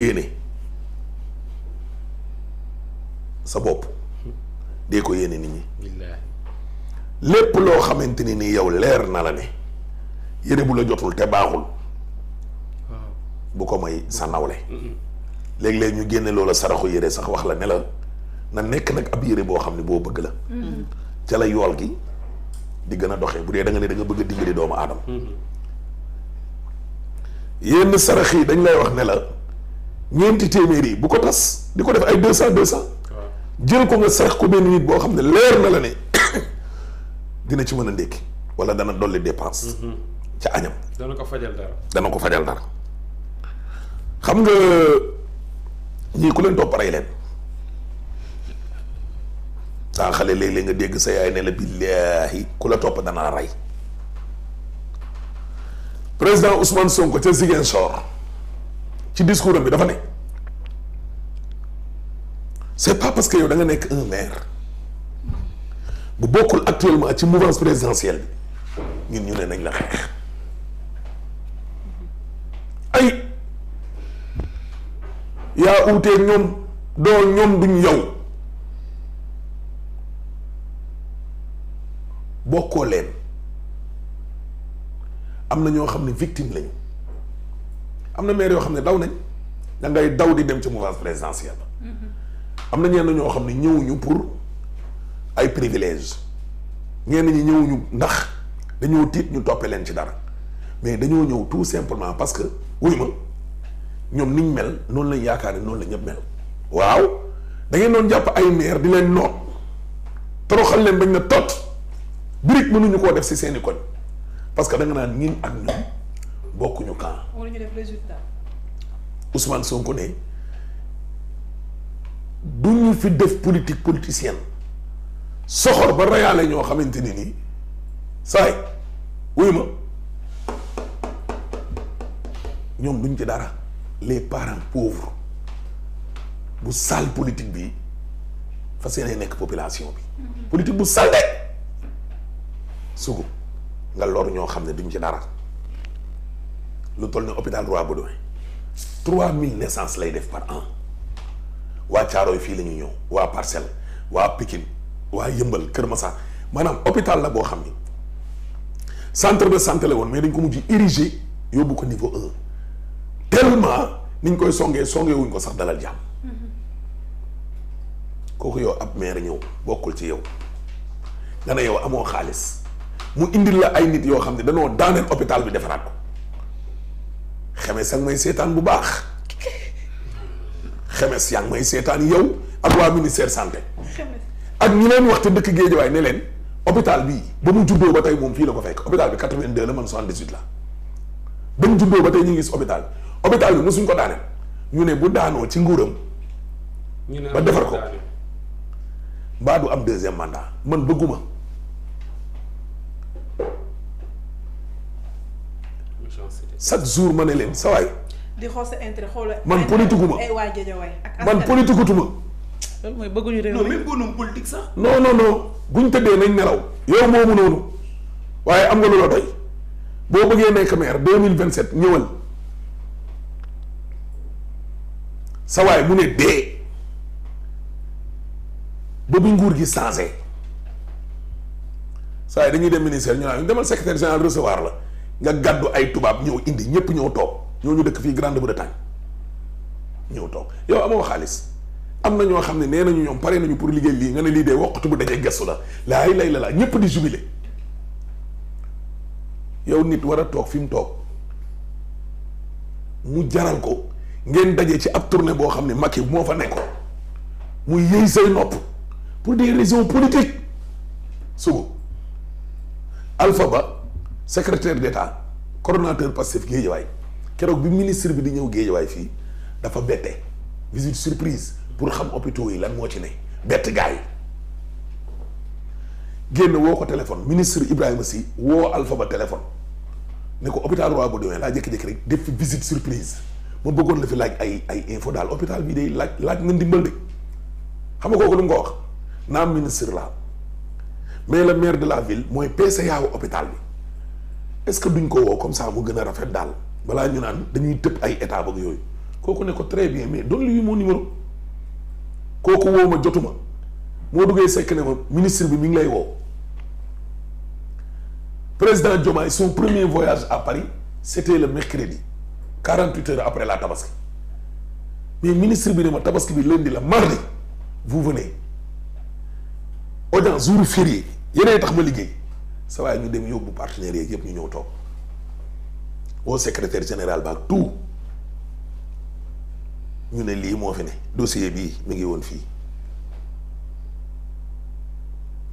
yéene sa bopp dee ko yéene nit ñi lépp loo xamante ni nii yow leer na la ne yére bu la jotul te baaxul bu ko may sa nawle mm-hmm. léeg-léeg ñu génne loola saraxu yére sax wax la ne la na nekk nag ab yére boo xam ne boo bëgg la mm-hmm. ca la yool gi di gën a doxee bu dee da nga ne da bëgg a dimbali doomu aadama mm-hmm. yenn sarax yi dañ lay wax ne la ñeenti téeméer yi bu ko tas di ko def ay deux cent deux cent jël ko nga sarax ko benn nit boo xam ne leer na la ne dina ci mën a ndékki wala dana dolli dépense mhm. ca añam dana ko fajal dara dana ko fajal dara xam nga ñii ku leen topp rey leen saa xale léeg-léeg nga dégg sa yaay ne billaahi ku la topp danaa rey président Ousmane Sonko ca Ziguinchor ci discours am bi dafa ne c'est pas parce que yow da nga nekk un maire bu bokkul actuellement ci mouvance présidentielle bi ñun ñu ne nañ la xeex ay yaa uutee ñoom doo ñoom duñ yow bokkoo leen am na ñoo xam ne victime lañ am na maire yoo xam ne daw nañ da ngay daw di dem ci mouvance présidentielle am na ñenn ñoo xam ne ñëwuñu pour ay privilège ñenn ñi ñëwuñu ndax dañoo tiit ñu toppee leen ci dara mais dañoo ñëw tout simplement parce que wuy ma ñoom niñ mel noonu lañ yaakaar ne noonu la ñëpp mel waaw da ngeen doon jàpp ay maire di leen noot toroxal leen bañ na tot birig mënuñu koo def si seeni koñ parce que da nga naan ñin ak ñoom bokkuñu camp. waruñu def résultat. Ousmane Sonko ne du ñu fi def politique politicienne soxor ba rayaale ñoo xamante ni nii saay wuyu ñoom duñ ci dara les parents pauvres bu sale politique bi fas yéene nekk population bi. Mm-hmm. politique bu sale de sugu nga lor ñoo xam ne duñ ci dara. lu toll ne hôpital Roi Baudouin 3000 naissances lay def par an waa Thiaroye fii la ñuy ñëw waa Parcelles waa Pikine waa Yëmbal Kër Massar maanaam hôpital la boo xam ni centre de santé la woon mais dañ ko mujj érigé yóbbu ko niveau niñ koy songee songee wuñ ko sax dalal jàmm kooku yow ab maire ñëw bokkul ci yow nga ne yow amoo xaalis mu indi la ay nit yoo xam ne danoo daaneel hôpital bi defaraat ko. xemes ak may seetaan bu baax xemes yaa ngi seetaan yow ak waa ministère santé ak ñu leen wax te dëkk waaye ne leen hôpital bi ba mu juddoo ba tey moom fii la ko fekk hôpital bi 82 la man 78 la ba mu juddoo ba tey ñu ngi gis hôpital hôpital bi mu suñ ko daaneel ñu ne bu daanoo ci nguuram ba defar ko mbaa du am deuxième mandat man bëgguma chaque jour ma ne leen sa waay. di sa intérêt xoolal. man politique ma ay waa Géejawaay ak man politique tuma. loolu mooy bëgguñu réew mi même bonum politique sax. non non non buñ tëddee nañ nelaw. yow moomu noonu waaye am nga lu la doy boo bëggee nekk maire deux mille vingt sept ñëwal sa waay mu ne dee ba bu nguur gi changé saa yi dañuy dem ministère ñu naan demal secrétaire général recevoir la. nga gàddu ay tubaab ñëw indi ñëpp ñëw toog ñu dëkk fii Grande-Bretagne bu ñëw toog yow amoo xaalis am na ñoo xam ne nee nañu ñoom pare nañu pour liggéey lii nga ne lii dee waxtu bu dajee gestu la laay lay la la ñëpp di jubilé yow nit war a toog fi mu toog mu jaral ko ngeen daje ci ab tournée boo xam ne Macky moo fa nekkoon mu yëy say nopp pour des raisons politiques sugu Alpha Ba. secrétaire d'État coordonnateur Pastef Guédiawaye keroog bi ministre bi di ñëw Guédiawaye fii dafa bette visite surprise pour xam hôpitaux yi lan moo ci ne bett gars yi génn woo ko téléphone ministre Ibrahima si woo Alpha Ba téléphone ne ko hôpital Roi Baudouin laa jékki-jékki rek def fi visite surprise ma bëggoon la fi laaj ay ay info daal hôpital bii day laaj laaj na ndimbal de xam nga kooku lu mu ko wax naam ministre la mais le maire de la ville mooy PCA wu bi. est-ce que duñ ko woo comme sax mu gën a rafet daal balaa ñu naan dañuy tëb ay état ak yooyu kooku ne ko très bien mais donne lui moo numéro kooku woo ma jotuma moo duggee sekk ne ma ministre bi mi ngi lay wow président Diomaye son premier voyage à Paris c'était le mercredi quarante-huit heures après la tabaski mais ministre bi ne ma tabaski bi di la mardi vous venez audience jour férié yeneen tax ma liggéey sa waaye ñu dem yóbbu partenaires yeeg yëpp ñu ñëw toog au secrétaire général ba ak tout ñu ne lii moo fi ne dossier bii mi ngi woon fii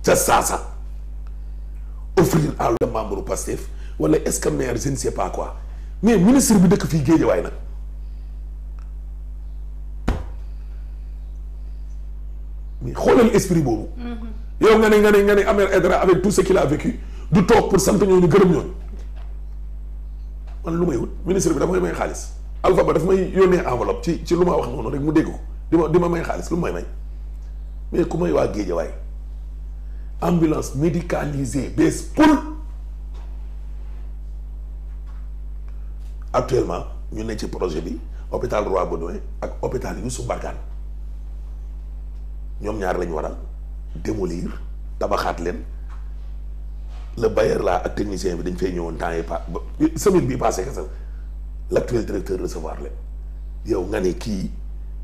ca saasa offrir à le membre Pastef wala est-ce que maire je ne sais pas quoi mais ministre bi dëkk fii Géejawaay nag mais xoolal esprit boobu mm-hmm. yow nga ne nga ne nga ne amee Aidara avec tout ce qu'il a vécu du toog pour sant ñooñu gërëm ñooñu man lu may wut ministre bi dafa may may xaalis Alpha Ba dafa may yónnee enveloppe ci ci lu ma wax noonu rek mu dégg ko di ma di ma may xaalis lu may may mais ku may waa Géejawaay ambulance médicalisée bees poul actuellement ñu ne ci projet bi hôpital Roi Baudouin ak hôpital Youssou Mbargane ñoom ñaar la ñu waral démolir tabaxaat leen le bailleur là ak technicien bi dañ fay ñëwoon temps yi pa semaine bii passé kese l' actuel directeur recevoir leen yow nga ne kii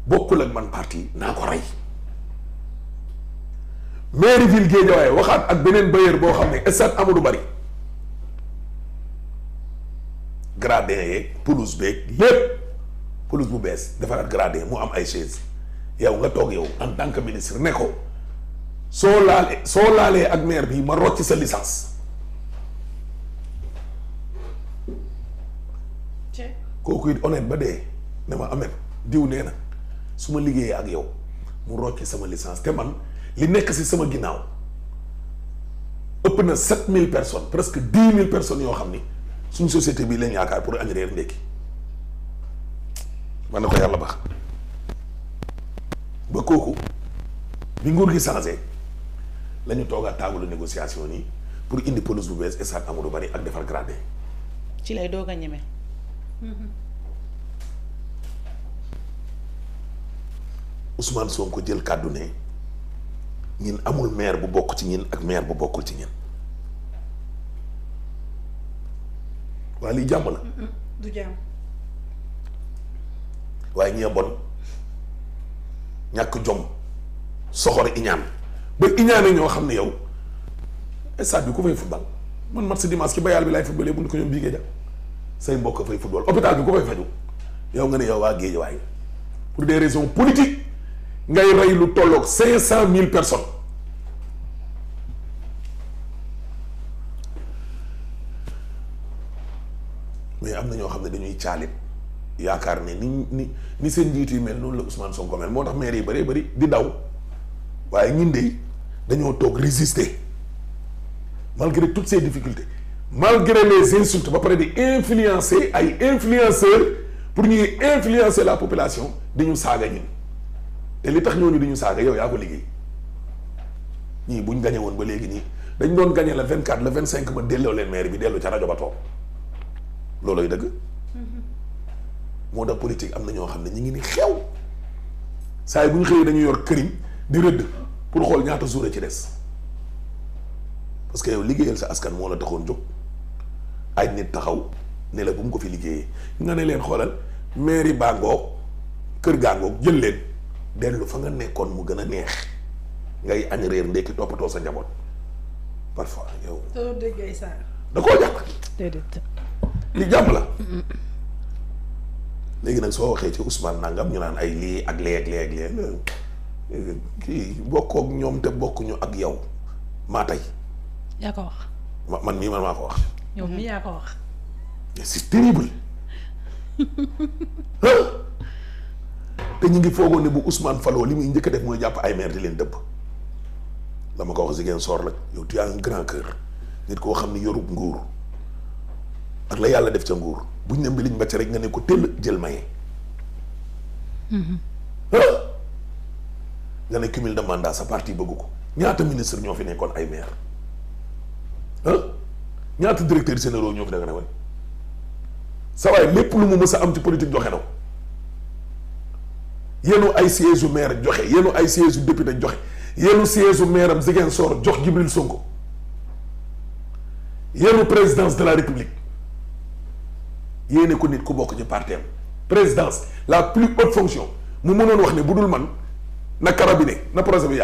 bokkul ak man parti naa ko rey mairie ville Guédiawaye waxaat ak beneen bailleur boo xam ne stade Amadou Barry gradin yeeg pelouse beeg lépp pelouse bu bees defaraat gradin mu am ay chaise yow nga toog yow en tant que ministre ne ko soo laalee soo laalee ak maire bi ma rocc sa licence. kooku it honnête ba dee ne ma diw nee na su ma liggéeyee ak yow mu rocc sama licence te man li nekk si sama ginnaaw ëpp na sept mille personne presque dix mille personne yoo xam ni suñ société bi lañ yaakaar pour añ reer ndékki man na ko yàlla baax ba kooku bi nguur gi changé lañu ñu toogaat table négociation pour indi pelouse bu bees stade Amadou Barry ak defar gradé. ci lay doog a ñeme. soo ko jël kàddune ñin amul maire bu bokk ci ñin ak maire bu bokkul ci ñin waaye lii jàmm la. du jàmm. waaye ñee bon ñàkk jom soxor iñaan ba iñaane ñoo xam ne yow stade bi ku fay football man match dimanche ki bayaal bi laay footballé bu ñu ko ñoom bii ngay jàpp say mbokk fay football hôpital bi ku fay faju yow nga ne yow waa géej waaye pour des raisons politiques ngay rey lu tolloog cinq cent mille personnes mais am na ñoo xam ne dañuy caalit yaakaar ne ni ni ni seen njiit yu mel noonu la Ousmane Sonko mel moo tax maire yi baree bëri di daw waaye ñun de dañoo toog résister malgré toutes ces difficultés malgré les insultes ba pare di influencer ay influenceurs pour ñuy influencer la population di ñu saaga ñun te li tax ñooñu di ñu saaga yow yaa ko liggéey ñii buñ gañe woon ba léegi ñii dañ doon gañe la vingt quatre le vingt cinq ba delloo leen maire bi delloo ca rajo ba toog loolooy dëgg mm-hmm. moo tax politique am na ñoo xam ne ñu ngi ni xew saa yi bu ñu xëyee dañuy yor këriñ di rëdd pour xool ñaata jour ci des parce que yow liggéeyal sa askan moo la taxoon jóg ay nit taxaw ne la bu mu ko fi liggéeyee nga ne leen xoolal mairie bàngoog kër gàngoog jël leen dellu fa nga nekkoon mu gën a neex ngay añ reer ndekki toppatoo sa njaboot parfois yow. loolu sa da koo jàpp. déedéet. li jàpp la. léegi nag soo waxee ci Ousmane Nangam ñu naan ay lii ak lee ak lee ak lee. kii bokkook ñoom te bokkuñu ak yow maa tey. yaa ko wax. man mii man maa ko wax. ñoom mii yaa ko wax. te ñu ngi foogoon ne bu Ousmane Fallo li muy njëkk def mooy jàpp ay maire di leen dëbb la ma ko wax Ziguinchor la yow tu as un grand cœur nit koo xam ni yorub nguur ak la yàlla def ca nguur buñ ne mbiliñ mbàcc rek nga ne ko tëll jël maye. Mm-hmm. nga ne cumul de mandat sa parti bëgg ko ñaata ministre ñoo fi nekkoon ay maire ah ñaata directeur généraux ñoo fi nekk woon sa waay lépp lu mu mës am ci politique joxe na ko yenu ay siège u maire joxe yenu ay siège u député joxe yenu siège u maire am Ziguinchor jox Djibril Sonko yenu présidence de la république yéene ko nit ku bokk ci parti présidence la plus haute fonction mu mënoon wax ne bu dul man na carabiner na projet bi